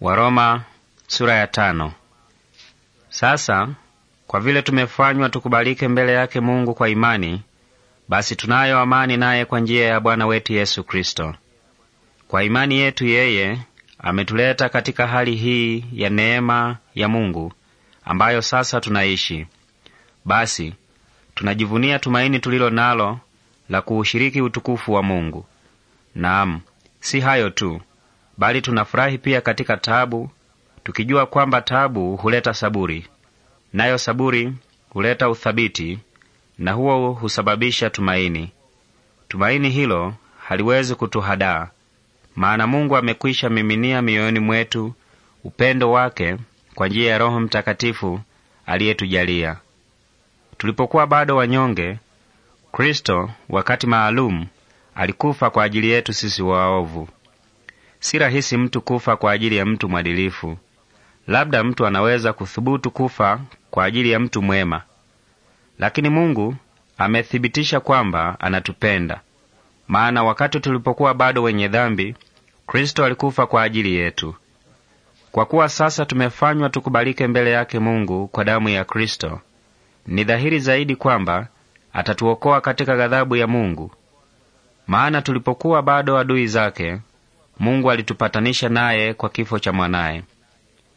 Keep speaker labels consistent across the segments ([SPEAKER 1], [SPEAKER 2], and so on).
[SPEAKER 1] Waroma sura ya tano. Sasa kwa vile tumefanywa tukubalike mbele yake Mungu kwa imani, basi tunayo amani naye kwa njia ya Bwana wetu Yesu Kristo. Kwa imani yetu yeye ametuleta katika hali hii ya neema ya Mungu ambayo sasa tunaishi. Basi tunajivunia tumaini tulilo nalo la kuushiriki utukufu wa Mungu. Naam, si hayo tu, bali tunafurahi pia katika taabu, tukijua kwamba taabu huleta saburi, nayo saburi huleta uthabiti, na huo husababisha tumaini. Tumaini hilo haliwezi kutuhadaa, maana Mungu amekwisha miminia mioyoni mwetu upendo wake kwa njia ya Roho Mtakatifu aliyetujalia. Tulipokuwa bado wanyonge, Kristo wakati maalum alikufa kwa ajili yetu sisi waovu. Si rahisi mtu kufa kwa ajili ya mtu mwadilifu. Labda mtu anaweza kuthubutu kufa kwa ajili ya mtu mwema, lakini Mungu amethibitisha kwamba anatupenda, maana wakati tulipokuwa bado wenye dhambi, Kristo alikufa kwa ajili yetu. Kwa kuwa sasa tumefanywa tukubalike mbele yake Mungu kwa damu ya Kristo, ni dhahiri zaidi kwamba atatuokoa katika ghadhabu ya Mungu. Maana tulipokuwa bado adui zake, Mungu alitupatanisha naye kwa kifo cha mwanaye,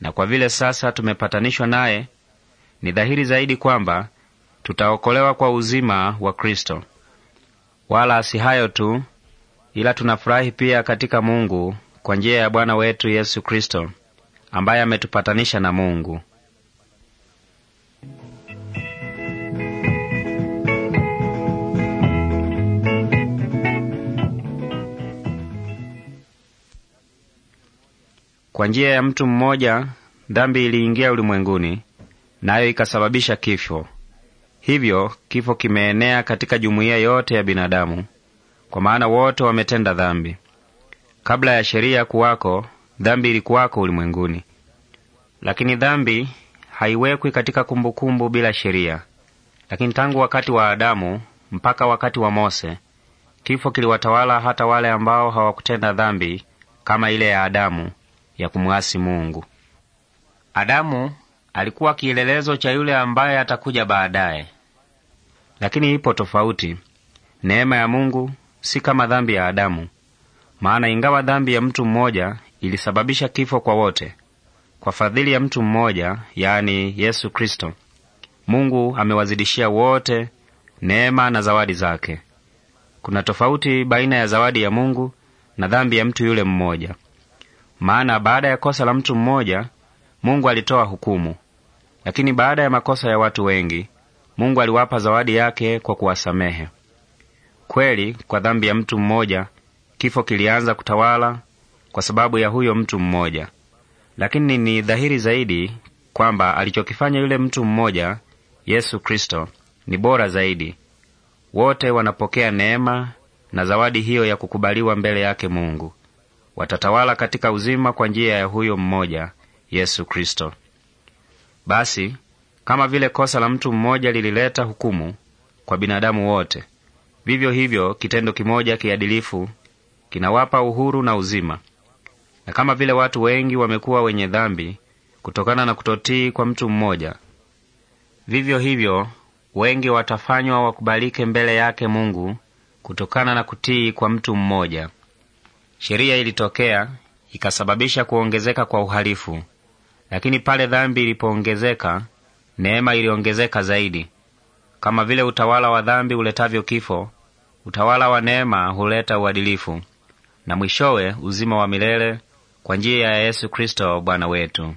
[SPEAKER 1] na kwa vile sasa tumepatanishwa naye, ni dhahiri zaidi kwamba tutaokolewa kwa uzima wa Kristo. Wala si hayo tu, ila tunafurahi pia katika Mungu kwa njia ya Bwana wetu Yesu Kristo, ambaye ametupatanisha na Mungu. Kwa njia ya mtu mmoja dhambi iliingia ulimwenguni, nayo ikasababisha kifo. Hivyo kifo kimeenea katika jumuiya yote ya binadamu, kwa maana wote wametenda dhambi. Kabla ya sheria kuwako, dhambi ilikuwako ulimwenguni, lakini dhambi haiwekwi katika kumbukumbu kumbu bila sheria. Lakini tangu wakati wa Adamu mpaka wakati wa Mose, kifo kiliwatawala hata wale ambao hawakutenda dhambi kama ile ya Adamu, ya kumwasi Mungu. Adamu alikuwa kielelezo cha yule ambaye atakuja baadaye, lakini ipo tofauti. Neema ya Mungu si kama dhambi ya Adamu, maana ingawa dhambi ya mtu mmoja ilisababisha kifo kwa wote, kwa fadhili ya mtu mmoja, yaani Yesu Kristo, Mungu amewazidishia wote neema na zawadi zake. Kuna tofauti baina ya zawadi ya Mungu na dhambi ya mtu yule mmoja. Maana baada ya kosa la mtu mmoja Mungu alitoa hukumu, lakini baada ya makosa ya watu wengi Mungu aliwapa zawadi yake kwa kuwasamehe. Kweli, kwa dhambi ya mtu mmoja kifo kilianza kutawala kwa sababu ya huyo mtu mmoja, lakini ni dhahiri zaidi kwamba alichokifanya yule mtu mmoja, Yesu Kristo, ni bora zaidi. Wote wanapokea neema na zawadi hiyo ya kukubaliwa mbele yake Mungu watatawala katika uzima kwa njia ya huyo mmoja Yesu Kristo. Basi kama vile kosa la mtu mmoja lilileta hukumu kwa binadamu wote, vivyo hivyo kitendo kimoja kiadilifu kinawapa uhuru na uzima. Na kama vile watu wengi wamekuwa wenye dhambi kutokana na kutotii kwa mtu mmoja, vivyo hivyo wengi watafanywa wakubalike mbele yake Mungu kutokana na kutii kwa mtu mmoja. Sheria ilitokea ikasababisha kuongezeka kwa uhalifu, lakini pale dhambi ilipoongezeka, neema iliongezeka zaidi. Kama vile utawala wa dhambi uletavyo kifo, utawala wa neema huleta uadilifu na mwishowe uzima wa milele kwa njia ya Yesu Kristo Bwana wetu.